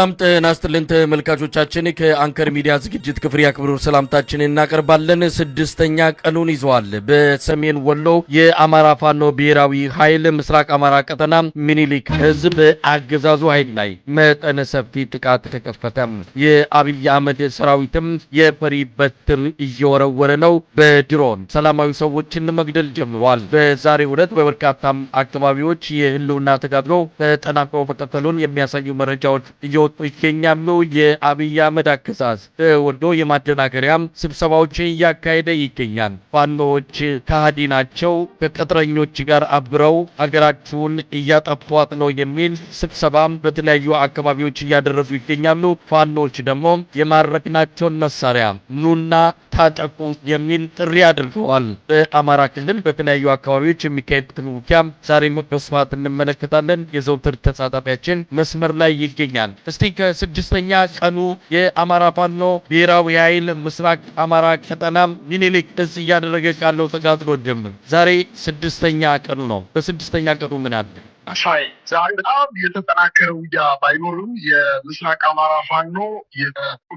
ሰላም ጤና ይስጥልን ተመልካቾቻችን፣ ከአንከር ሚዲያ ዝግጅት ክፍል የአክብሮት ሰላምታችን እናቀርባለን። ስድስተኛ ቀኑን ይዘዋል። በሰሜን ወሎ የአማራ ፋኖ ብሔራዊ ኃይል ምስራቅ አማራ ቀጠና ሚኒሊክ ህዝብ በአገዛዙ ኃይል ላይ መጠነ ሰፊ ጥቃት ተከፈተ። የአብይ አህመድ ሰራዊትም የፈሪ በትር እየወረወረ ነው። በድሮን ሰላማዊ ሰዎችን መግደል ጀምሯል። በዛሬው ዕለት በበርካታም አካባቢዎች የህልውና ተጋድሎ ተጠናክሮ መቀጠሉን የሚያሳዩ መረጃዎች እየወ እየወጡ ይገኛሉ። የአብይ አህመድ አገዛዝ ወዶ የማደናገሪያም ስብሰባዎችን እያካሄደ ይገኛል። ፋኖዎች ከሃዲ ናቸው፣ ከቅጥረኞች ጋር አብረው አገራችሁን እያጠፏት ነው የሚል ስብሰባም በተለያዩ አካባቢዎች እያደረጉ ይገኛሉ። ፋኖዎች ደግሞ የማረክናቸውን መሳሪያ ኑና ታጠቁ የሚል ጥሪ አድርገዋል። በአማራ ክልል በተለያዩ አካባቢዎች የሚካሄዱትን ውጊያም ዛሬ በስፋት እንመለከታለን። የዘውትር ተሳታፊያችን መስመር ላይ ይገኛል። እስቲ ከስድስተኛ ቀኑ የአማራ ፋኖ ብሔራዊ ኃይል ምስራቅ አማራ ቀጠናም ሚኒሊክ እዝ እያደረገ ካለው ተጋድሎ ጀምር ዛሬ ስድስተኛ ቀኑ ነው። በስድስተኛ ቀኑ ምን አለ? ሻይ ዛሬ በጣም የተጠናከረ ውጊያ ባይኖርም የምስራቅ አማራ ፋኖ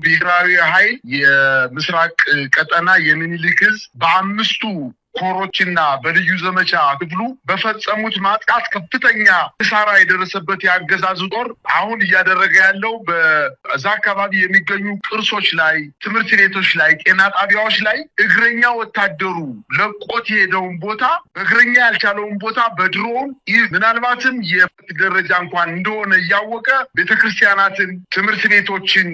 ብሔራዊ ኃይል የምስራቅ ቀጠና የሚኒሊክ እዝ በአምስቱ ኮሮችና በልዩ ዘመቻ ክፍሉ በፈጸሙት ማጥቃት ከፍተኛ ኪሳራ የደረሰበት የአገዛዙ ጦር አሁን እያደረገ ያለው በዛ አካባቢ የሚገኙ ቅርሶች ላይ፣ ትምህርት ቤቶች ላይ፣ ጤና ጣቢያዎች ላይ እግረኛ ወታደሩ ለቆት የሄደውን ቦታ እግረኛ ያልቻለውን ቦታ በድሮን ምናልባትም የፍት ደረጃ እንኳን እንደሆነ እያወቀ ቤተክርስቲያናትን፣ ትምህርት ቤቶችን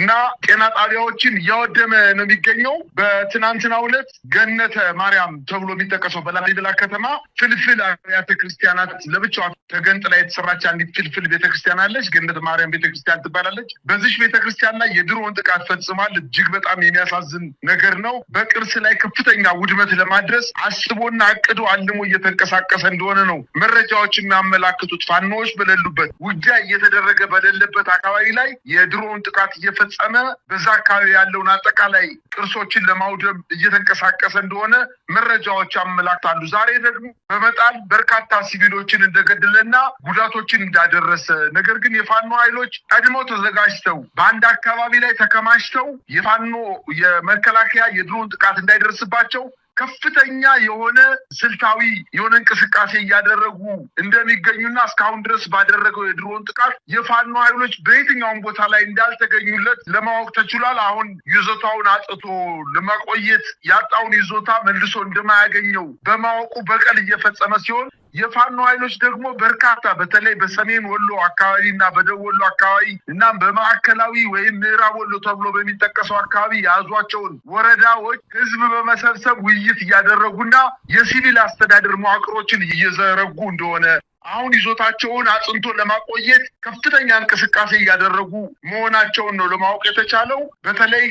እና ጤና ጣቢያዎችን እያወደመ ነው የሚገኘው። በትናንትናው ዕለት ገነተ ማርያም ገዳም ተብሎ የሚጠቀሰው በላሊበላ ከተማ ፍልፍል አብያተ ክርስቲያናት ለብቻዋ ተገንጥላ የተሰራች አንዲት ፍልፍል ቤተክርስቲያን አለች። ገነት ማርያም ቤተክርስቲያን ትባላለች። በዚች ቤተክርስቲያን ላይ የድሮን ጥቃት ፈጽሟል። እጅግ በጣም የሚያሳዝን ነገር ነው። በቅርስ ላይ ከፍተኛ ውድመት ለማድረስ አስቦና አቅዶ አልሞ እየተንቀሳቀሰ እንደሆነ ነው መረጃዎች የሚያመላክቱት። ፋኖዎች በሌሉበት ውጊያ እየተደረገ በሌለበት አካባቢ ላይ የድሮን ጥቃት እየፈጸመ በዛ አካባቢ ያለውን አጠቃላይ ቅርሶችን ለማውደም እየተንቀሳቀሰ እንደሆነ መረጃዎች ያመላክታሉ። ዛሬ ደግሞ በመጣል በርካታ ሲቪሎችን እንደገደለና ጉዳቶችን እንዳደረሰ፣ ነገር ግን የፋኖ ኃይሎች ቀድሞ ተዘጋጅተው በአንድ አካባቢ ላይ ተከማችተው የፋኖ የመከላከያ የድሮን ጥቃት እንዳይደርስባቸው ከፍተኛ የሆነ ስልታዊ የሆነ እንቅስቃሴ እያደረጉ እንደሚገኙና እስካሁን ድረስ ባደረገው የድሮን ጥቃት የፋኖ ኃይሎች በየትኛውም ቦታ ላይ እንዳልተገኙለት ለማወቅ ተችሏል። አሁን ይዞታውን አጥቶ ለመቆየት ያጣውን ይዞታ መልሶ እንደማያገኘው በማወቁ በቀል እየፈጸመ ሲሆን የፋኖ ኃይሎች ደግሞ በርካታ በተለይ በሰሜን ወሎ አካባቢ እና በደቡብ ወሎ አካባቢ እናም በማዕከላዊ ወይም ምዕራብ ወሎ ተብሎ በሚጠቀሰው አካባቢ የያዟቸውን ወረዳዎች ህዝብ በመሰብሰብ ውይይት እያደረጉና የሲቪል አስተዳደር መዋቅሮችን እየዘረጉ እንደሆነ አሁን ይዞታቸውን አጽንቶ ለማቆየት ከፍተኛ እንቅስቃሴ እያደረጉ መሆናቸውን ነው ለማወቅ የተቻለው። በተለይ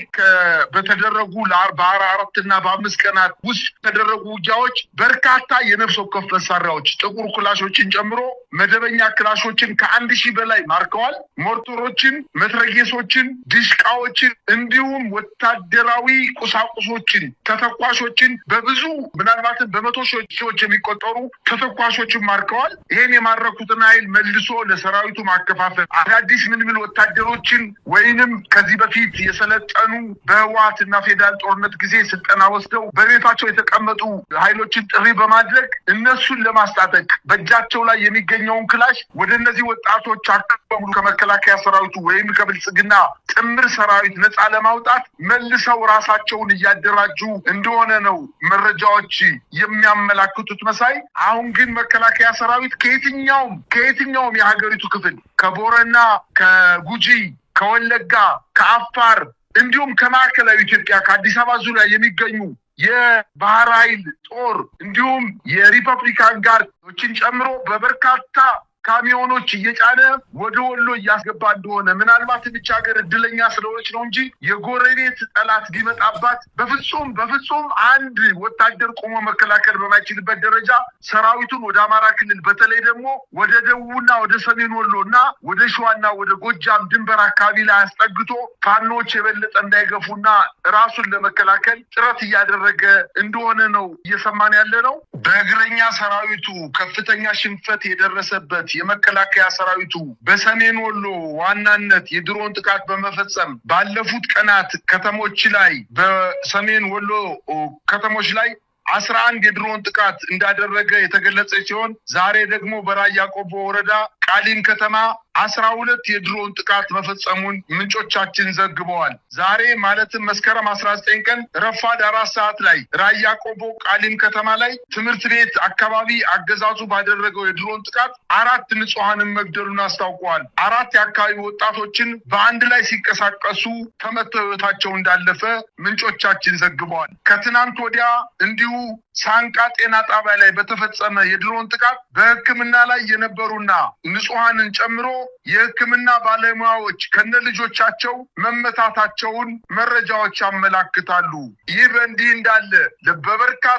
በተደረጉ በአራ ና በአምስት ቀናት ውስጥ የተደረጉ ውጊያዎች በርካታ የነፍስ ወከፍ መሳሪያዎች ጥቁር ክላሾችን ጨምሮ መደበኛ ክላሾችን ከአንድ ሺህ በላይ ማርከዋል። ሞርቶሮችን፣ መትረጌሶችን፣ ድሽቃዎችን እንዲሁም ወታደራዊ ቁሳቁሶችን ተተኳሾችን በብዙ ምናልባትም በመቶ ሺዎች የሚቆጠሩ ተተኳሾችን ማርከዋል። ይሄን የማረኩትን ኃይል መልሶ ለሰራዊቱ ማከፋፈል፣ አዳዲስ ምን ምን ወታደሮችን ወይንም ከዚህ በፊት የሰለጠኑ በህወሀት እና ፌዴራል ጦርነት ጊዜ ስልጠና ወስደው በቤታቸው የተቀመጡ ኃይሎችን ጥሪ በማድረግ እነሱን ለማስታጠቅ በእጃቸው ላይ የሚገኘውን ክላሽ ወደ እነዚህ ወጣቶች በሙሉ ከመከላከያ ሰራዊቱ ወይም ከብልጽግና ጥምር ሰራዊት ነፃ ለማውጣት መልሰው ራሳቸውን እያደራጁ እንደሆነ ነው መረጃዎች የሚያመላክቱት። መሳይ አሁን ግን መከላከያ ሰራዊት ከየትኛውም ከየትኛውም የሀገሪቱ ክፍል ከቦረና፣ ከጉጂ፣ ከወለጋ፣ ከአፋር እንዲሁም ከማዕከላዊ ኢትዮጵያ ከአዲስ አበባ ዙሪያ የሚገኙ የባህር ኃይል ጦር እንዲሁም የሪፐብሊካን ጋርዶችን ጨምሮ በበርካታ ካሚዮኖች እየጫነ ወደ ወሎ እያስገባ እንደሆነ ምናልባት ብቻ ሀገር እድለኛ ስለሆነች ነው እንጂ የጎረቤት ጠላት ቢመጣባት በፍጹም በፍጹም አንድ ወታደር ቆሞ መከላከል በማይችልበት ደረጃ ሰራዊቱን ወደ አማራ ክልል በተለይ ደግሞ ወደ ደቡብና ወደ ሰሜን ወሎ እና ወደ ሸዋና ወደ ጎጃም ድንበር አካባቢ ላይ አስጠግቶ ፋኖች የበለጠ እንዳይገፉና ራሱን ለመከላከል ጥረት እያደረገ እንደሆነ ነው እየሰማን ያለ ነው። በእግረኛ ሰራዊቱ ከፍተኛ ሽንፈት የደረሰበት የመከላከያ ሰራዊቱ በሰሜን ወሎ ዋናነት የድሮን ጥቃት በመፈጸም ባለፉት ቀናት ከተሞች ላይ በሰሜን ወሎ ከተሞች ላይ አስራ አንድ የድሮን ጥቃት እንዳደረገ የተገለጸ ሲሆን ዛሬ ደግሞ በራያ ቆቦ ወረዳ ቃሊን ከተማ አስራ ሁለት የድሮን ጥቃት መፈጸሙን ምንጮቻችን ዘግበዋል። ዛሬ ማለትም መስከረም አስራ ዘጠኝ ቀን ረፋድ አራት ሰዓት ላይ ራያ ቆቦ ቃሊም ከተማ ላይ ትምህርት ቤት አካባቢ አገዛዙ ባደረገው የድሮን ጥቃት አራት ንጹሐንን መግደሉን አስታውቀዋል። አራት የአካባቢ ወጣቶችን በአንድ ላይ ሲንቀሳቀሱ ተመተው ህይወታቸው እንዳለፈ ምንጮቻችን ዘግበዋል። ከትናንት ወዲያ እንዲሁ ሳንቃ ጤና ጣቢያ ላይ በተፈጸመ የድሮን ጥቃት በሕክምና ላይ የነበሩና ንጹሐንን ጨምሮ የሕክምና ባለሙያዎች ከነ ልጆቻቸው መመታታቸውን መረጃዎች ያመላክታሉ። ይህ በእንዲህ እንዳለ በበርካታ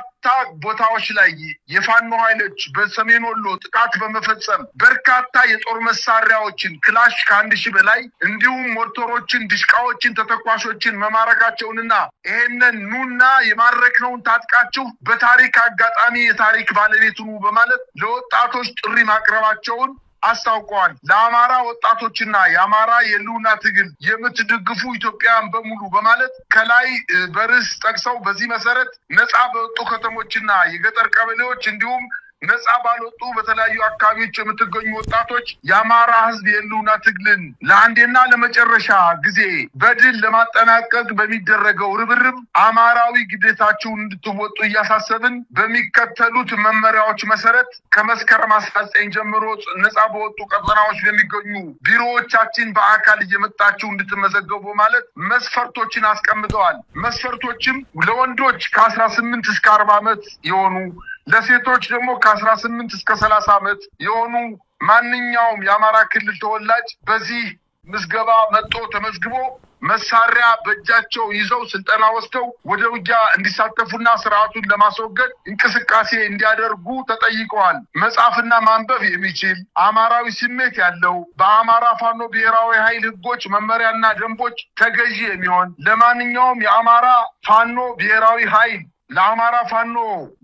ቦታዎች ላይ የፋኖ ኃይሎች በሰሜን ወሎ ጥቃት በመፈጸም በርካታ የጦር መሳሪያዎችን ክላሽ ከአንድ ሺህ በላይ እንዲሁም ሞተሮችን፣ ድሽቃዎችን፣ ተተኳሾችን መማረካቸውንና ይሄንን ኑና የማረክነውን ታጥቃችሁ በታሪክ አጋጣሚ የታሪክ ባለቤት ሁኑ በማለት ለወጣቶች ጥሪ ማቅረባቸውን አስታውቀዋል። ለአማራ ወጣቶችና የአማራ የህልውና ትግል የምትደግፉ ኢትዮጵያን በሙሉ በማለት ከላይ በርዕስ ጠቅሰው በዚህ መሰረት ነፃ በወጡ ከተሞችና የገጠር ቀበሌዎች እንዲሁም ነጻ ባልወጡ በተለያዩ አካባቢዎች የምትገኙ ወጣቶች የአማራ ህዝብ የህልውና ትግልን ለአንዴና ለመጨረሻ ጊዜ በድል ለማጠናቀቅ በሚደረገው ርብርብ አማራዊ ግዴታችሁን እንድትወጡ እያሳሰብን በሚከተሉት መመሪያዎች መሰረት ከመስከረም አስራ ዘጠኝ ጀምሮ ነጻ በወጡ ቀጠናዎች በሚገኙ ቢሮዎቻችን በአካል እየመጣችሁ እንድትመዘገቡ ማለት መስፈርቶችን አስቀምጠዋል። መስፈርቶችም ለወንዶች ከአስራ ስምንት እስከ አርባ ዓመት የሆኑ ለሴቶች ደግሞ ከአስራ ስምንት እስከ ሰላሳ ዓመት የሆኑ ማንኛውም የአማራ ክልል ተወላጅ በዚህ ምዝገባ መጦ ተመዝግቦ መሳሪያ በእጃቸው ይዘው ስልጠና ወስደው ወደ ውጊያ እንዲሳተፉና ስርዓቱን ለማስወገድ እንቅስቃሴ እንዲያደርጉ ተጠይቀዋል። መጻፍና ማንበብ የሚችል አማራዊ ስሜት ያለው በአማራ ፋኖ ብሔራዊ ኃይል ሕጎች መመሪያና ደንቦች ተገዢ የሚሆን ለማንኛውም የአማራ ፋኖ ብሔራዊ ኃይል ለአማራ ፋኖ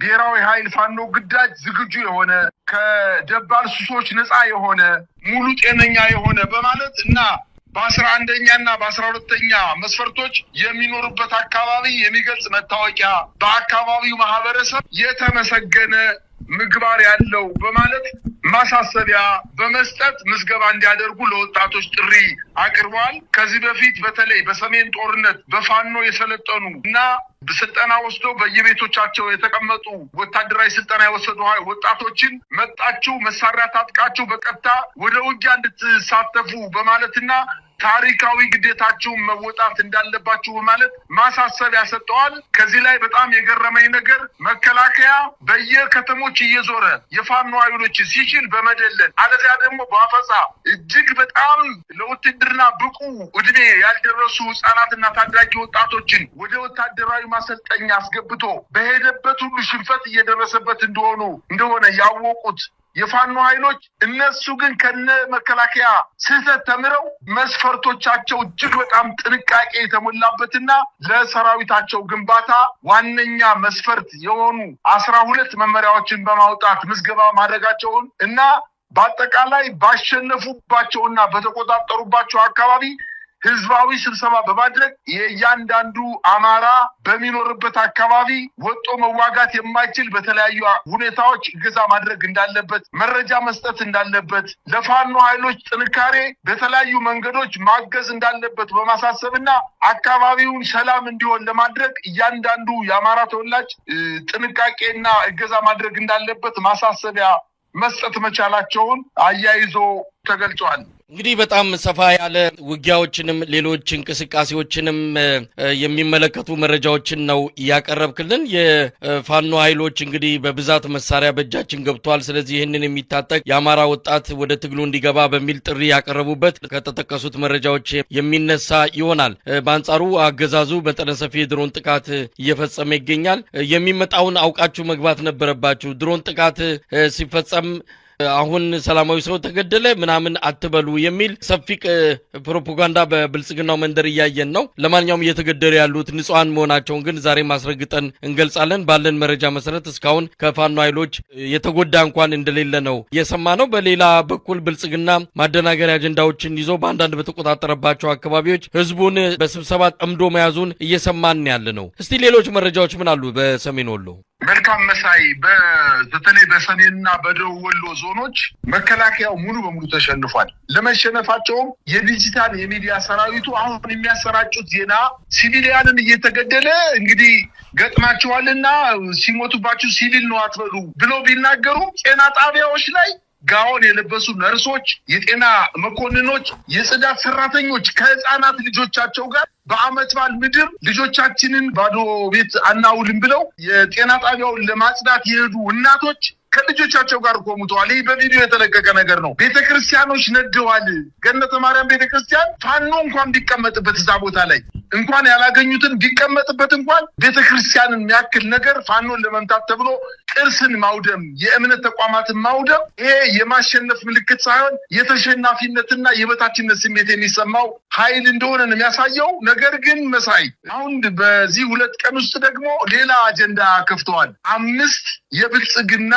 ብሔራዊ ኃይል ፋኖ ግዳጅ ዝግጁ የሆነ ከደባል ሱሶች ነፃ የሆነ ሙሉ ጤነኛ የሆነ በማለት እና በአስራ አንደኛ እና በአስራ ሁለተኛ መስፈርቶች የሚኖሩበት አካባቢ የሚገልጽ መታወቂያ በአካባቢው ማህበረሰብ የተመሰገነ ምግባር ያለው በማለት ማሳሰቢያ በመስጠት ምዝገባ እንዲያደርጉ ለወጣቶች ጥሪ አቅርበዋል። ከዚህ በፊት በተለይ በሰሜን ጦርነት በፋኖ የሰለጠኑ እና ስልጠና ወስዶ በየቤቶቻቸው የተቀመጡ ወታደራዊ ስልጠና የወሰዱ ወጣቶችን መጣችሁ መሳሪያ ታጥቃችሁ በቀጥታ ወደ ውጊያ እንድትሳተፉ በማለትና ታሪካዊ ግዴታችሁን መወጣት እንዳለባችሁ በማለት ማሳሰቢያ ሰጠዋል። ከዚህ ላይ በጣም የገረመኝ ነገር መከላከያ በየከተሞች እየዞረ የፋኖ ኃይሎች ሲችል በመደለን አለዚያ ደግሞ በአፈፃ እጅግ በጣም ለውትድርና ብቁ እድሜ ያልደረሱ ህጻናትና ታዳጊ ወጣቶችን ወደ ወታደራዊ ማሰልጠኛ አስገብቶ በሄደበት ሁሉ ሽንፈት እየደረሰበት እንደሆኑ እንደሆነ ያወቁት የፋኖ ኃይሎች እነሱ ግን ከነ መከላከያ ስህተት ተምረው መስፈርቶቻቸው እጅግ በጣም ጥንቃቄ የተሞላበትና ለሰራዊታቸው ግንባታ ዋነኛ መስፈርት የሆኑ አስራ ሁለት መመሪያዎችን በማውጣት ምዝገባ ማድረጋቸውን እና በአጠቃላይ ባሸነፉባቸውና በተቆጣጠሩባቸው አካባቢ ህዝባዊ ስብሰባ በማድረግ የእያንዳንዱ አማራ በሚኖርበት አካባቢ ወጦ መዋጋት የማይችል በተለያዩ ሁኔታዎች እገዛ ማድረግ እንዳለበት፣ መረጃ መስጠት እንዳለበት፣ ለፋኖ ኃይሎች ጥንካሬ በተለያዩ መንገዶች ማገዝ እንዳለበት በማሳሰብና አካባቢውን ሰላም እንዲሆን ለማድረግ እያንዳንዱ የአማራ ተወላጅ ጥንቃቄና እገዛ ማድረግ እንዳለበት ማሳሰቢያ መስጠት መቻላቸውን አያይዞ ተገልጿል። እንግዲህ በጣም ሰፋ ያለ ውጊያዎችንም ሌሎች እንቅስቃሴዎችንም የሚመለከቱ መረጃዎችን ነው እያቀረብክልን። የፋኖ ኃይሎች እንግዲህ በብዛት መሳሪያ በእጃችን ገብቷል፣ ስለዚህ ይህንን የሚታጠቅ የአማራ ወጣት ወደ ትግሉ እንዲገባ በሚል ጥሪ ያቀረቡበት ከተጠቀሱት መረጃዎች የሚነሳ ይሆናል። በአንጻሩ አገዛዙ መጠነ ሰፊ የድሮን ጥቃት እየፈጸመ ይገኛል። የሚመጣውን አውቃችሁ መግባት ነበረባችሁ። ድሮን ጥቃት ሲፈጸም አሁን ሰላማዊ ሰው ተገደለ ምናምን አትበሉ የሚል ሰፊ ፕሮፓጋንዳ በብልጽግናው መንደር እያየን ነው። ለማንኛውም እየተገደሉ ያሉት ንጹሐን መሆናቸውን ግን ዛሬ ማስረግጠን እንገልጻለን። ባለን መረጃ መሰረት እስካሁን ከፋኖ ኃይሎች የተጎዳ እንኳን እንደሌለ ነው እየሰማ ነው። በሌላ በኩል ብልጽግና ማደናገሪያ አጀንዳዎችን ይዞ በአንዳንድ በተቆጣጠረባቸው አካባቢዎች ህዝቡን በስብሰባ ጠምዶ መያዙን እየሰማን ያለ ነው። እስቲ ሌሎች መረጃዎች ምን አሉ በሰሜን ወሎ? መልካም መሳይ በተለይ በሰሜንና በደቡብ ወሎ ዞኖች መከላከያው ሙሉ በሙሉ ተሸንፏል። ለመሸነፋቸውም የዲጂታል የሚዲያ ሰራዊቱ አሁን የሚያሰራጩት ዜና ሲቪሊያንን እየተገደለ እንግዲህ ገጥማችኋልና ሲሞቱባችሁ ሲቪል ነው አትበሉ ብለው ቢናገሩ ጤና ጣቢያዎች ላይ ጋውን የለበሱ ነርሶች፣ የጤና መኮንኖች፣ የጽዳት ሰራተኞች ከህፃናት ልጆቻቸው ጋር በአመት በዓል ምድር ልጆቻችንን ባዶ ቤት አናውልም ብለው የጤና ጣቢያውን ለማጽዳት የሄዱ እናቶች ከልጆቻቸው ጋር ቆሙተዋል። ይህ በቪዲዮ የተለቀቀ ነገር ነው። ቤተክርስቲያኖች ነደዋል። ገነተ ማርያም ቤተክርስቲያን ፋኖ እንኳን ቢቀመጥበት እዛ ቦታ ላይ እንኳን ያላገኙትን ቢቀመጥበት እንኳን ቤተክርስቲያንን የሚያክል ነገር ፋኖን ለመምታት ተብሎ ቅርስን ማውደም፣ የእምነት ተቋማትን ማውደም ይሄ የማሸነፍ ምልክት ሳይሆን የተሸናፊነትና የበታችነት ስሜት የሚሰማው ኃይል እንደሆነ ነው የሚያሳየው። ነገር ግን መሳይ አሁን በዚህ ሁለት ቀን ውስጥ ደግሞ ሌላ አጀንዳ ከፍተዋል። አምስት የብልጽግና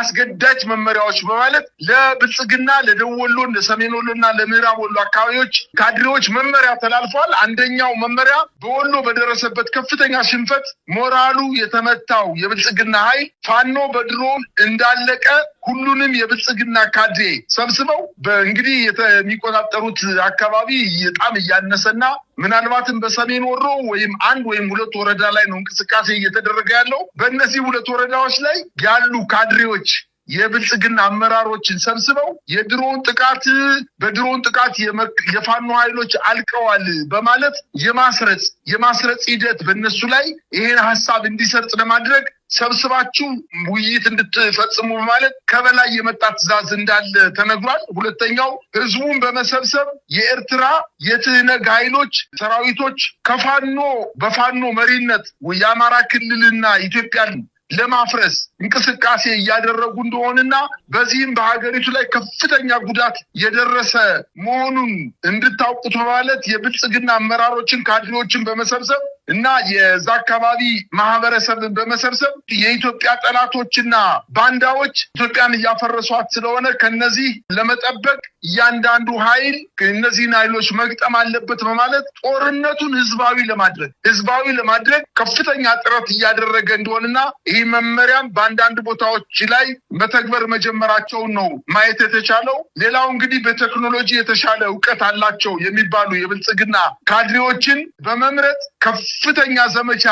አስገዳጅ መመሪያዎች በማለት ለብልጽግና ለደቡብ ወሎ ለሰሜን ወሎ እና ለምዕራብ ወሎ አካባቢዎች ካድሬዎች መመሪያ ተላልፏል። አንደኛው መመሪያ በወሎ በደረሰበት ከፍተኛ ሽንፈት ሞራሉ የተመታው የብልጽግና ኃይል ፋኖ በድሮን እንዳለቀ ሁሉንም የብልጽግና ካድሬ ሰብስበው በእንግዲህ የሚቆጣጠሩት አካባቢ በጣም እያነሰና ምናልባትም በሰሜን ወሮ ወይም አንድ ወይም ሁለት ወረዳ ላይ ነው እንቅስቃሴ እየተደረገ ያለው። በእነዚህ ሁለት ወረዳዎች ላይ ያሉ ካድሬዎች የብልጽግና አመራሮችን ሰብስበው የድሮን ጥቃት በድሮን ጥቃት የፋኖ ኃይሎች አልቀዋል በማለት የማስረጽ የማስረጽ ሂደት በእነሱ ላይ ይሄን ሀሳብ እንዲሰርጥ ለማድረግ ሰብስባችሁ ውይይት እንድትፈጽሙ በማለት ከበላይ የመጣ ትእዛዝ እንዳለ ተነግሯል። ሁለተኛው ህዝቡን በመሰብሰብ የኤርትራ የትህነግ ኃይሎች ሰራዊቶች ከፋኖ በፋኖ መሪነት የአማራ ክልልና ኢትዮጵያን ለማፍረስ እንቅስቃሴ እያደረጉ እንደሆነና በዚህም በሀገሪቱ ላይ ከፍተኛ ጉዳት የደረሰ መሆኑን እንድታውቁት በማለት የብልጽግና አመራሮችን ካድሬዎችን በመሰብሰብ እና የዛ አካባቢ ማህበረሰብን በመሰብሰብ የኢትዮጵያ ጠላቶችና ባንዳዎች ኢትዮጵያን እያፈረሷት ስለሆነ ከነዚህ ለመጠበቅ እያንዳንዱ ኃይል እነዚህን ኃይሎች መግጠም አለበት በማለት ጦርነቱን ህዝባዊ ለማድረግ ህዝባዊ ለማድረግ ከፍተኛ ጥረት እያደረገ እንደሆነና ይህ መመሪያም በአንዳንድ ቦታዎች ላይ መተግበር መጀመራቸውን ነው ማየት የተቻለው። ሌላው እንግዲህ በቴክኖሎጂ የተሻለ እውቀት አላቸው የሚባሉ የብልጽግና ካድሬዎችን በመምረጥ ከፍ ከፍተኛ ዘመቻ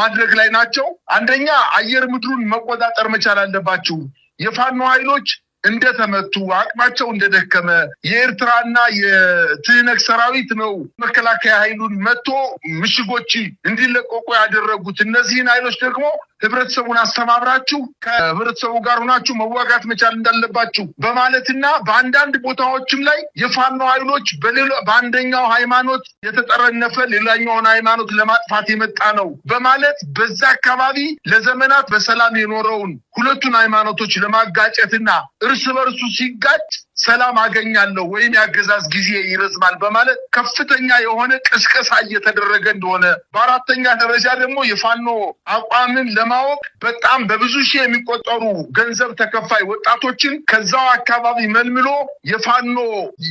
ማድረግ ላይ ናቸው። አንደኛ አየር ምድሩን መቆጣጠር መቻል አለባችሁ። የፋኖ ኃይሎች እንደተመቱ አቅማቸው እንደደከመ የኤርትራና የትህነግ ሰራዊት ነው መከላከያ ኃይሉን መቶ ምሽጎች እንዲለቀቁ ያደረጉት። እነዚህን ኃይሎች ደግሞ ህብረተሰቡን አስተባብራችሁ ከህብረተሰቡ ጋር ሆናችሁ መዋጋት መቻል እንዳለባችሁ በማለትና በአንዳንድ ቦታዎችም ላይ የፋኖ ኃይሎች በአንደኛው ሃይማኖት የተጠረነፈ ሌላኛውን ሃይማኖት ለማጥፋት የመጣ ነው በማለት በዛ አካባቢ ለዘመናት በሰላም የኖረውን ሁለቱን ሃይማኖቶች ለማጋጨትና እርስ በርሱ ሲጋጭ ሰላም አገኛለሁ ወይም የአገዛዝ ጊዜ ይረዝማል በማለት ከፍተኛ የሆነ ቅስቀሳ እየተደረገ እንደሆነ፣ በአራተኛ ደረጃ ደግሞ የፋኖ አቋምን ለማወቅ በጣም በብዙ ሺህ የሚቆጠሩ ገንዘብ ተከፋይ ወጣቶችን ከዛው አካባቢ መልምሎ የፋኖ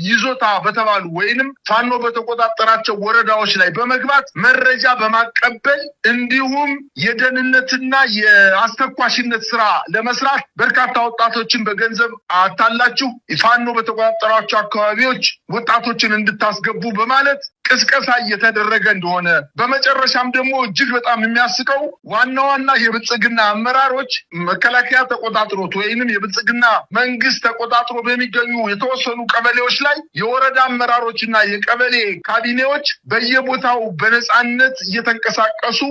ይዞታ በተባሉ ወይንም ፋኖ በተቆጣጠራቸው ወረዳዎች ላይ በመግባት መረጃ በማቀበል እንዲሁም የደህንነትና የአስተኳሽነት ስራ ለመስራት በርካታ ወጣቶችን በገንዘብ አታላችሁ ፋኖ በተቆጣጠሯቸው አካባቢዎች ወጣቶችን እንድታስገቡ በማለት ቅስቀሳ እየተደረገ እንደሆነ በመጨረሻም ደግሞ እጅግ በጣም የሚያስቀው ዋና ዋና የብልጽግና አመራሮች መከላከያ ተቆጣጥሮት ወይንም የብልጽግና መንግስት ተቆጣጥሮ በሚገኙ የተወሰኑ ቀበሌዎች ላይ የወረዳ አመራሮችና የቀበሌ ካቢኔዎች በየቦታው በነፃነት እየተንቀሳቀሱ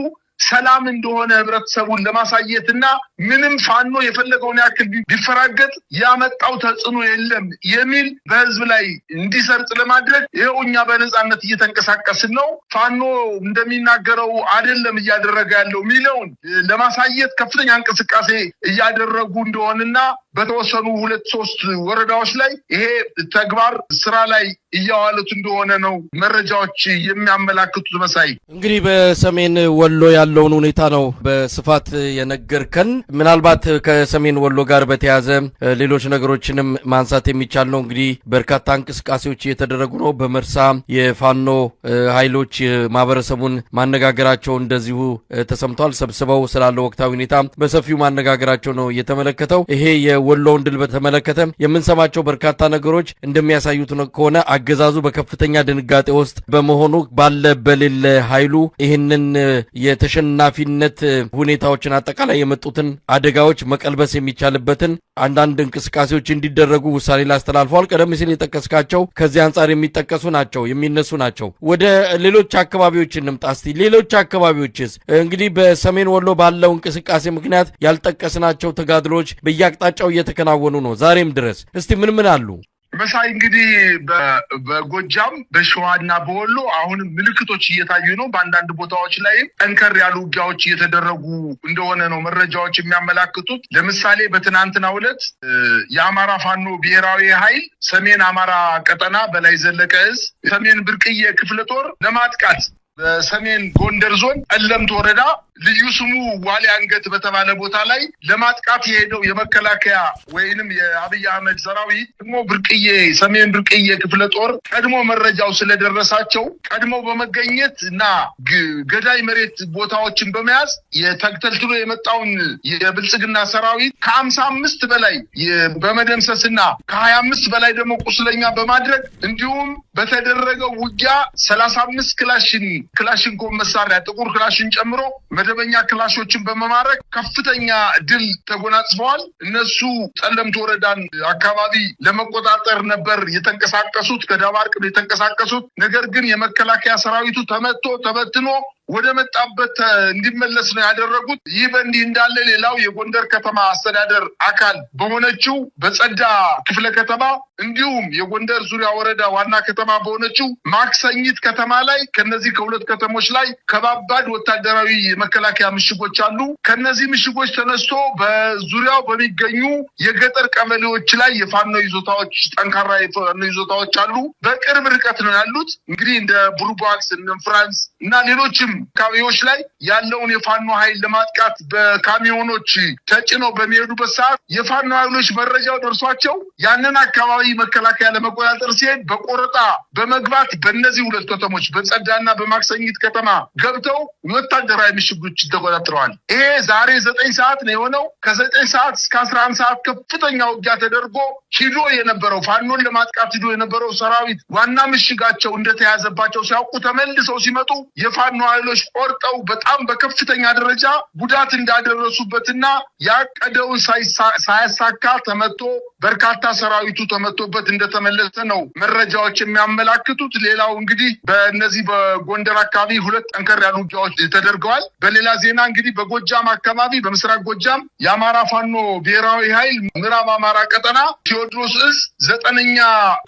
ሰላም እንደሆነ ህብረተሰቡን ለማሳየት እና ምንም ፋኖ የፈለገውን ያክል ቢፈራገጥ ያመጣው ተጽዕኖ የለም የሚል በህዝብ ላይ እንዲሰርጥ ለማድረግ ይኸው እኛ በነፃነት እየተንቀሳቀስን ነው፣ ፋኖ እንደሚናገረው አይደለም እያደረገ ያለው የሚለውን ለማሳየት ከፍተኛ እንቅስቃሴ እያደረጉ እንደሆንና በተወሰኑ ሁለት ሶስት ወረዳዎች ላይ ይሄ ተግባር ስራ ላይ እያዋሉት እንደሆነ ነው መረጃዎች የሚያመላክቱት። መሳይ እንግዲህ በሰሜን ወሎ ያለውን ሁኔታ ነው በስፋት የነገርከን። ምናልባት ከሰሜን ወሎ ጋር በተያያዘ ሌሎች ነገሮችንም ማንሳት የሚቻል ነው። እንግዲህ በርካታ እንቅስቃሴዎች እየተደረጉ ነው። በመርሳ የፋኖ ኃይሎች ማህበረሰቡን ማነጋገራቸው እንደዚሁ ተሰምቷል። ሰብስበው ስላለው ወቅታዊ ሁኔታ በሰፊው ማነጋገራቸው ነው እየተመለከተው ይሄ የወሎውን ድል በተመለከተ የምንሰማቸው በርካታ ነገሮች እንደሚያሳዩት ከሆነ አገዛዙ በከፍተኛ ድንጋጤ ውስጥ በመሆኑ ባለ በሌለ ኃይሉ ይህንን የተ አሸናፊነት ሁኔታዎችን አጠቃላይ የመጡትን አደጋዎች መቀልበስ የሚቻልበትን አንዳንድ እንቅስቃሴዎች እንዲደረጉ ውሳኔ ላይ ቀደም ሲል የጠቀስካቸው ከዚህ አንጻር የሚጠቀሱ ናቸው የሚነሱ ናቸው። ወደ ሌሎች አካባቢዎች እንምጣ እስቲ። ሌሎች አካባቢዎችስ እንግዲህ በሰሜን ወሎ ባለው እንቅስቃሴ ምክንያት ያልጠቀስናቸው ተጋድሎች በየአቅጣጫው እየተከናወኑ ነው ዛሬም ድረስ። እስቲ ምን ምን አሉ? መሳይ እንግዲህ በጎጃም በሸዋና በወሎ አሁንም ምልክቶች እየታዩ ነው። በአንዳንድ ቦታዎች ላይም ጠንከር ያሉ ውጊያዎች እየተደረጉ እንደሆነ ነው መረጃዎች የሚያመላክቱት። ለምሳሌ በትናንትናው ዕለት የአማራ ፋኖ ብሔራዊ ኃይል ሰሜን አማራ ቀጠና በላይ ዘለቀ እዝ ሰሜን ብርቅዬ ክፍለ ጦር ለማጥቃት በሰሜን ጎንደር ዞን ጠለምት ወረዳ ልዩ ስሙ ዋሊ አንገት በተባለ ቦታ ላይ ለማጥቃት የሄደው የመከላከያ ወይንም የአብይ አህመድ ሰራዊት ደግሞ ብርቅዬ ሰሜን ብርቅዬ ክፍለ ጦር ቀድሞ መረጃው ስለደረሳቸው ቀድሞ በመገኘት እና ገዳይ መሬት ቦታዎችን በመያዝ የተተልትሎ የመጣውን የብልጽግና ሰራዊት ከአምሳ አምስት በላይ በመደምሰስና ከሀያ አምስት በላይ ደግሞ ቁስለኛ በማድረግ እንዲሁም በተደረገው ውጊያ ሰላሳ አምስት ክላሽን ክላሽንኮ መሳሪያ ጥቁር ክላሽን ጨምሮ መደበኛ ክላሾችን በመማረክ ከፍተኛ ድል ተጎናጽፈዋል። እነሱ ጠለምት ወረዳን አካባቢ ለመቆጣጠር ነበር የተንቀሳቀሱት፣ ከዳማርቅ የተንቀሳቀሱት። ነገር ግን የመከላከያ ሰራዊቱ ተመቶ ተበትኖ ወደ መጣበት እንዲመለስ ነው ያደረጉት። ይህ በእንዲህ እንዳለ ሌላው የጎንደር ከተማ አስተዳደር አካል በሆነችው በጸዳ ክፍለ ከተማ እንዲሁም የጎንደር ዙሪያ ወረዳ ዋና ከተማ በሆነችው ማክሰኝት ከተማ ላይ ከነዚህ ከሁለት ከተሞች ላይ ከባባድ ወታደራዊ የመከላከያ ምሽጎች አሉ። ከነዚህ ምሽጎች ተነስቶ በዙሪያው በሚገኙ የገጠር ቀበሌዎች ላይ የፋኖ ይዞታዎች፣ ጠንካራ የፋኖ ይዞታዎች አሉ። በቅርብ ርቀት ነው ያሉት። እንግዲህ እንደ ቡርቧክስ፣ እንደ ፍራንስ እና ሌሎችም አካባቢዎች ላይ ያለውን የፋኖ ኃይል ለማጥቃት በካሚዮኖች ተጭነው በሚሄዱበት ሰዓት የፋኖ ኃይሎች መረጃው ደርሷቸው ያንን አካባቢ መከላከያ ለመቆጣጠር ሲሄድ በቆረጣ በመግባት በእነዚህ ሁለት ከተሞች በጸዳና በማክሰኝት ከተማ ገብተው ወታደራዊ ምሽጎች ተቆጣጥረዋል። ይሄ ዛሬ ዘጠኝ ሰዓት ነው የሆነው። ከዘጠኝ ሰዓት እስከ አስራ አንድ ሰዓት ከፍተኛ ውጊያ ተደርጎ ሂዶ የነበረው ፋኖን ለማጥቃት ሂዶ የነበረው ሰራዊት ዋና ምሽጋቸው እንደተያዘባቸው ሲያውቁ ተመልሰው ሲመጡ የፋኖ ኃይል ኃይሎች ቆርጠው በጣም በከፍተኛ ደረጃ ጉዳት እንዳደረሱበትና ያቀደውን ሳያሳካ ተመቶ በርካታ ሰራዊቱ ተመቶበት እንደተመለሰ ነው መረጃዎች የሚያመላክቱት። ሌላው እንግዲህ በእነዚህ በጎንደር አካባቢ ሁለት ጠንከር ያሉ ውጊያዎች ተደርገዋል። በሌላ ዜና እንግዲህ በጎጃም አካባቢ በምስራቅ ጎጃም የአማራ ፋኖ ብሔራዊ ኃይል ምዕራብ አማራ ቀጠና ቴዎድሮስ እዝ ዘጠነኛ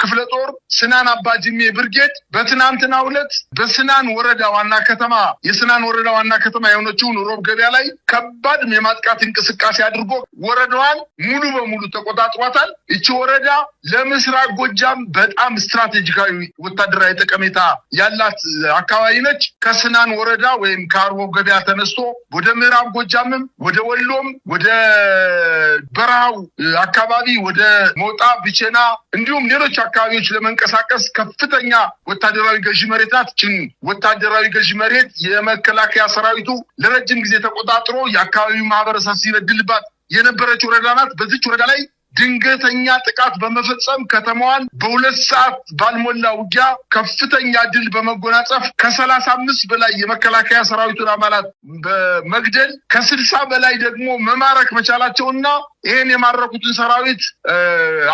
ክፍለ ጦር ስናን አባጅሜ ብርጌድ በትናንትናው ዕለት በስናን ወረዳ ዋና ከተማ የስናን ወረዳ ዋና ከተማ የሆነችውን ሮብ ገበያ ላይ ከባድ የማጥቃት እንቅስቃሴ አድርጎ ወረዳዋን ሙሉ በሙሉ ተቆጣጥሯታል። እቺ ወረዳ ለምስራቅ ጎጃም በጣም ስትራቴጂካዊ ወታደራዊ ጠቀሜታ ያላት አካባቢ ነች። ከስናን ወረዳ ወይም ከአርቦ ገበያ ተነስቶ ወደ ምዕራብ ጎጃምም ወደ ወሎም ወደ በረሃው አካባቢ ወደ ሞጣ ብቼና፣ እንዲሁም ሌሎች አካባቢዎች ለመንቀሳቀስ ከፍተኛ ወታደራዊ ገዢ መሬት ናት። ወታደራዊ ገዢ መሬት የመከላከያ ሰራዊቱ ለረጅም ጊዜ ተቆጣጥሮ የአካባቢው ማህበረሰብ ሲበድልባት የነበረች ወረዳ ናት። በዚች ወረዳ ላይ ድንገተኛ ጥቃት በመፈጸም ከተማዋን በሁለት ሰዓት ባልሞላ ውጊያ ከፍተኛ ድል በመጎናጸፍ ከሰላሳ አምስት በላይ የመከላከያ ሰራዊቱን አባላት በመግደል ከስልሳ በላይ ደግሞ መማረክ መቻላቸውና ይህን የማረኩትን ሰራዊት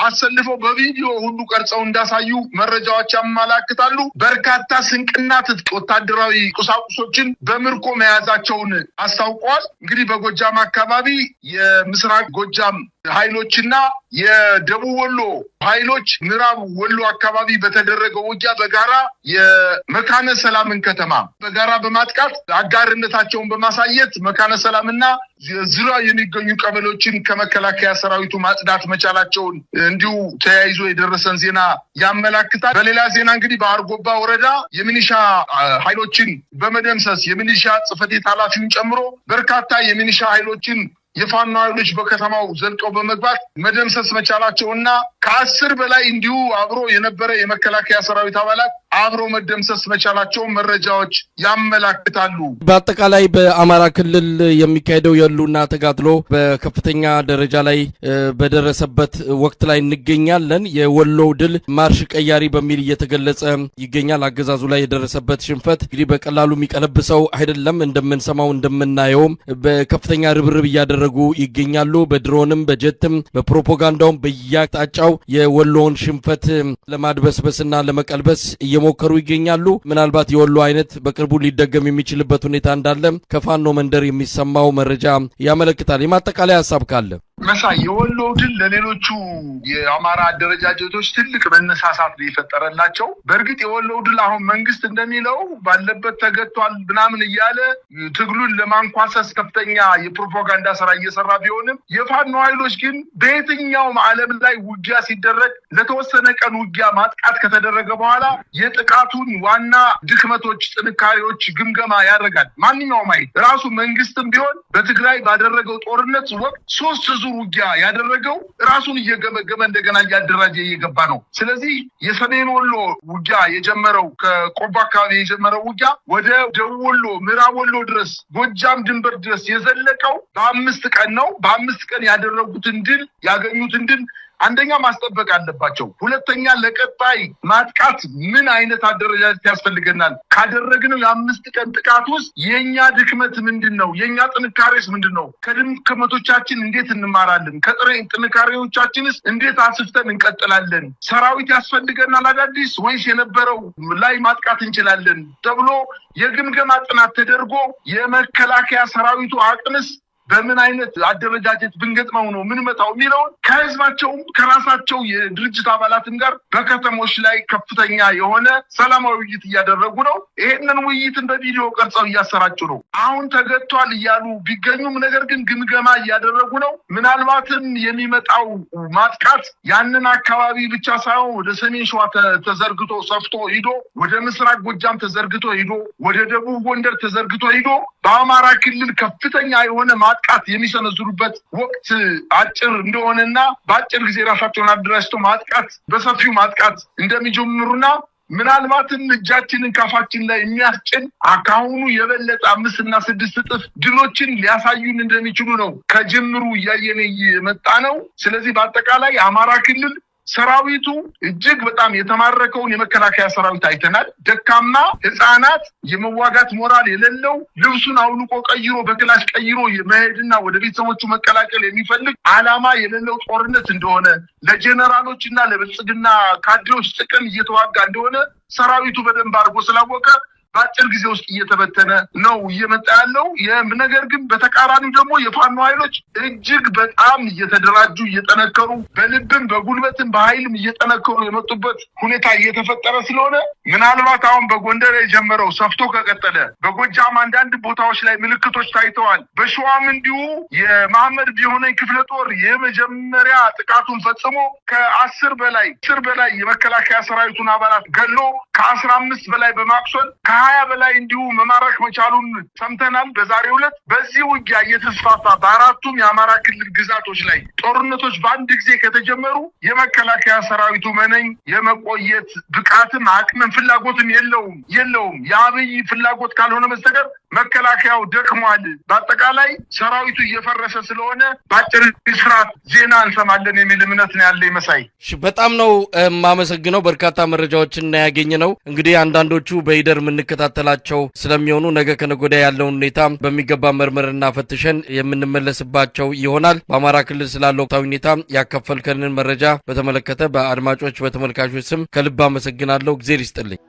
አሰልፈው በቪዲዮ ሁሉ ቀርጸው እንዳሳዩ መረጃዎች ያመላክታሉ። በርካታ ስንቅና ትጥቅ ወታደራዊ ቁሳቁሶችን በምርኮ መያዛቸውን አስታውቀዋል። እንግዲህ በጎጃም አካባቢ የምስራቅ ጎጃም ኃይሎችና የደቡብ ወሎ ኃይሎች ምዕራብ ወሎ አካባቢ በተደረገው ውጊያ በጋራ የመካነ ሰላምን ከተማ በጋራ በማጥቃት አጋርነታቸውን በማሳየት መካነ ሰላምና ዙሪያ የሚገኙ ቀበሌዎችን ከመከላከያ ሰራዊቱ ማጽዳት መቻላቸውን እንዲሁ ተያይዞ የደረሰን ዜና ያመላክታል። በሌላ ዜና እንግዲህ በአርጎባ ወረዳ የሚኒሻ ኃይሎችን በመደምሰስ የሚኒሻ ጽሕፈት ቤት ኃላፊውን ጨምሮ በርካታ የሚኒሻ ኃይሎችን የፋኖ ኃይሎች በከተማው ዘልቀው በመግባት መደምሰስ መቻላቸው እና ከአስር በላይ እንዲሁ አብሮ የነበረ የመከላከያ ሰራዊት አባላት አብሮ መደምሰስ መቻላቸው መረጃዎች ያመላክታሉ። በአጠቃላይ በአማራ ክልል የሚካሄደው የሉና ተጋድሎ በከፍተኛ ደረጃ ላይ በደረሰበት ወቅት ላይ እንገኛለን። የወሎው ድል ማርሽ ቀያሪ በሚል እየተገለጸ ይገኛል። አገዛዙ ላይ የደረሰበት ሽንፈት እንግዲህ በቀላሉ የሚቀለብሰው አይደለም። እንደምንሰማው እንደምናየውም በከፍተኛ ርብርብ እያደረ እያደረጉ ይገኛሉ። በድሮንም በጀትም በፕሮፓጋንዳውም በየአቅጣጫው የወሎውን ሽንፈት ለማድበስበስና ለመቀልበስ እየሞከሩ ይገኛሉ። ምናልባት የወሎ አይነት በቅርቡ ሊደገም የሚችልበት ሁኔታ እንዳለ ከፋኖ መንደር የሚሰማው መረጃ ያመለክታል። የማጠቃለያ ሀሳብ ካለ መሳይ የወሎ ድል ለሌሎቹ የአማራ አደረጃጀቶች ትልቅ መነሳሳት የፈጠረላቸው። በእርግጥ የወሎ ድል አሁን መንግስት እንደሚለው ባለበት ተገቷል ምናምን እያለ ትግሉን ለማንኳሰስ ከፍተኛ የፕሮፓጋንዳ ስራ እየሰራ ቢሆንም የፋኖ ኃይሎች ግን በየትኛውም ዓለም ላይ ውጊያ ሲደረግ ለተወሰነ ቀን ውጊያ ማጥቃት ከተደረገ በኋላ የጥቃቱን ዋና ድክመቶች፣ ጥንካሬዎች ግምገማ ያደርጋል። ማንኛውም አይ ራሱ መንግስትም ቢሆን በትግራይ ባደረገው ጦርነት ወቅት ሶስት ዙር ውጊያ ያደረገው ራሱን እየገመገመ እንደገና እያደራጀ እየገባ ነው። ስለዚህ የሰሜን ወሎ ውጊያ የጀመረው ከቆቦ አካባቢ የጀመረው ውጊያ ወደ ደቡብ ወሎ፣ ምዕራብ ወሎ ድረስ ጎጃም ድንበር ድረስ የዘለቀው በአምስት አምስት ቀን ነው። በአምስት ቀን ያደረጉትን ድል ያገኙትን ድል አንደኛ ማስጠበቅ አለባቸው። ሁለተኛ ለቀጣይ ማጥቃት ምን አይነት አደረጃጀት ያስፈልገናል? ካደረግነው የአምስት ቀን ጥቃት ውስጥ የእኛ ድክመት ምንድን ነው? የእኛ ጥንካሬስ ምንድን ነው? ከድክመቶቻችን እንዴት እንማራለን? ከጥሬ ጥንካሬዎቻችንስ እንዴት አስፍተን እንቀጥላለን? ሰራዊት ያስፈልገናል አዳዲስ ወይስ የነበረው ላይ ማጥቃት እንችላለን? ተብሎ የግምገማ ጥናት ተደርጎ የመከላከያ ሰራዊቱ አቅምስ በምን አይነት አደረጃጀት ብንገጥመው ነው ምንመታው የሚለውን ከህዝባቸውም ከራሳቸው የድርጅት አባላትም ጋር በከተሞች ላይ ከፍተኛ የሆነ ሰላማዊ ውይይት እያደረጉ ነው። ይህንን ውይይትን በቪዲዮ ቀርጸው እያሰራጩ ነው። አሁን ተገጥቷል እያሉ ቢገኙም ነገር ግን ግምገማ እያደረጉ ነው። ምናልባትም የሚመጣው ማጥቃት ያንን አካባቢ ብቻ ሳይሆን ወደ ሰሜን ሸዋ ተዘርግቶ ሰፍቶ ሂዶ ወደ ምስራቅ ጎጃም ተዘርግቶ ሂዶ ወደ ደቡብ ጎንደር ተዘርግቶ ሂዶ በአማራ ክልል ከፍተኛ የሆነ ማጥቃት የሚሰነዝሩበት ወቅት አጭር እንደሆነና በአጭር ጊዜ ራሳቸውን አደራጅተው ማጥቃት በሰፊው ማጥቃት እንደሚጀምሩና ምናልባትም እጃችንን ካፋችን ላይ የሚያስጭን ከአሁኑ የበለጠ አምስትና ስድስት እጥፍ ድሎችን ሊያሳዩን እንደሚችሉ ነው ከጅምሩ እያየን የመጣ ነው። ስለዚህ በአጠቃላይ አማራ ክልል ሰራዊቱ እጅግ በጣም የተማረከውን የመከላከያ ሰራዊት አይተናል። ደካማ ህፃናት፣ የመዋጋት ሞራል የሌለው ልብሱን አውልቆ ቀይሮ በክላሽ ቀይሮ መሄድና ወደ ቤተሰቦቹ መቀላቀል የሚፈልግ አላማ የሌለው ጦርነት እንደሆነ ለጀነራሎች እና ለብልጽግና ካድሬዎች ጥቅም እየተዋጋ እንደሆነ ሰራዊቱ በደንብ አድርጎ ስላወቀ በአጭር ጊዜ ውስጥ እየተበተነ ነው እየመጣ ያለው። ነገር ግን በተቃራኒ ደግሞ የፋኖ ኃይሎች እጅግ በጣም እየተደራጁ እየጠነከሩ፣ በልብም በጉልበትም በኃይልም እየጠነከሩ የመጡበት ሁኔታ እየተፈጠረ ስለሆነ ምናልባት አሁን በጎንደር የጀመረው ሰፍቶ ከቀጠለ በጎጃም አንዳንድ ቦታዎች ላይ ምልክቶች ታይተዋል። በሸዋም እንዲሁ የማህመድ ቢሆነኝ ክፍለ ጦር የመጀመሪያ ጥቃቱን ፈጽሞ ከአስር በላይ አስር በላይ የመከላከያ ሰራዊቱን አባላት ገሎ ከአስራ አምስት በላይ በማቁሰል ከሀያ በላይ እንዲሁ መማረክ መቻሉን ሰምተናል። በዛሬው ዕለት በዚህ ውጊያ እየተስፋፋ በአራቱም የአማራ ክልል ግዛቶች ላይ ጦርነቶች በአንድ ጊዜ ከተጀመሩ የመከላከያ ሰራዊቱ መነኝ የመቆየት ብቃትም አቅምም ፍላጎትም የለውም የለውም። የአብይ ፍላጎት ካልሆነ መስተቀር መከላከያው ደክሟል። በአጠቃላይ ሰራዊቱ እየፈረሰ ስለሆነ በአጭር ስርዓት ዜና እንሰማለን የሚል እምነት ነው ያለ መሳይ። በጣም ነው የማመሰግነው። በርካታ መረጃዎችን ያገኘ ነው እንግዲህ አንዳንዶቹ በይደር ምንከ የምንከታተላቸው ስለሚሆኑ ነገ ከነጎዳ ያለውን ሁኔታ በሚገባ መርምርና ፈትሸን የምንመለስባቸው ይሆናል። በአማራ ክልል ስላለው ወቅታዊ ሁኔታ ያካፈልከንን መረጃ በተመለከተ በአድማጮች በተመልካቾች ስም ከልብ አመሰግናለሁ። እግዜር ይስጥልኝ።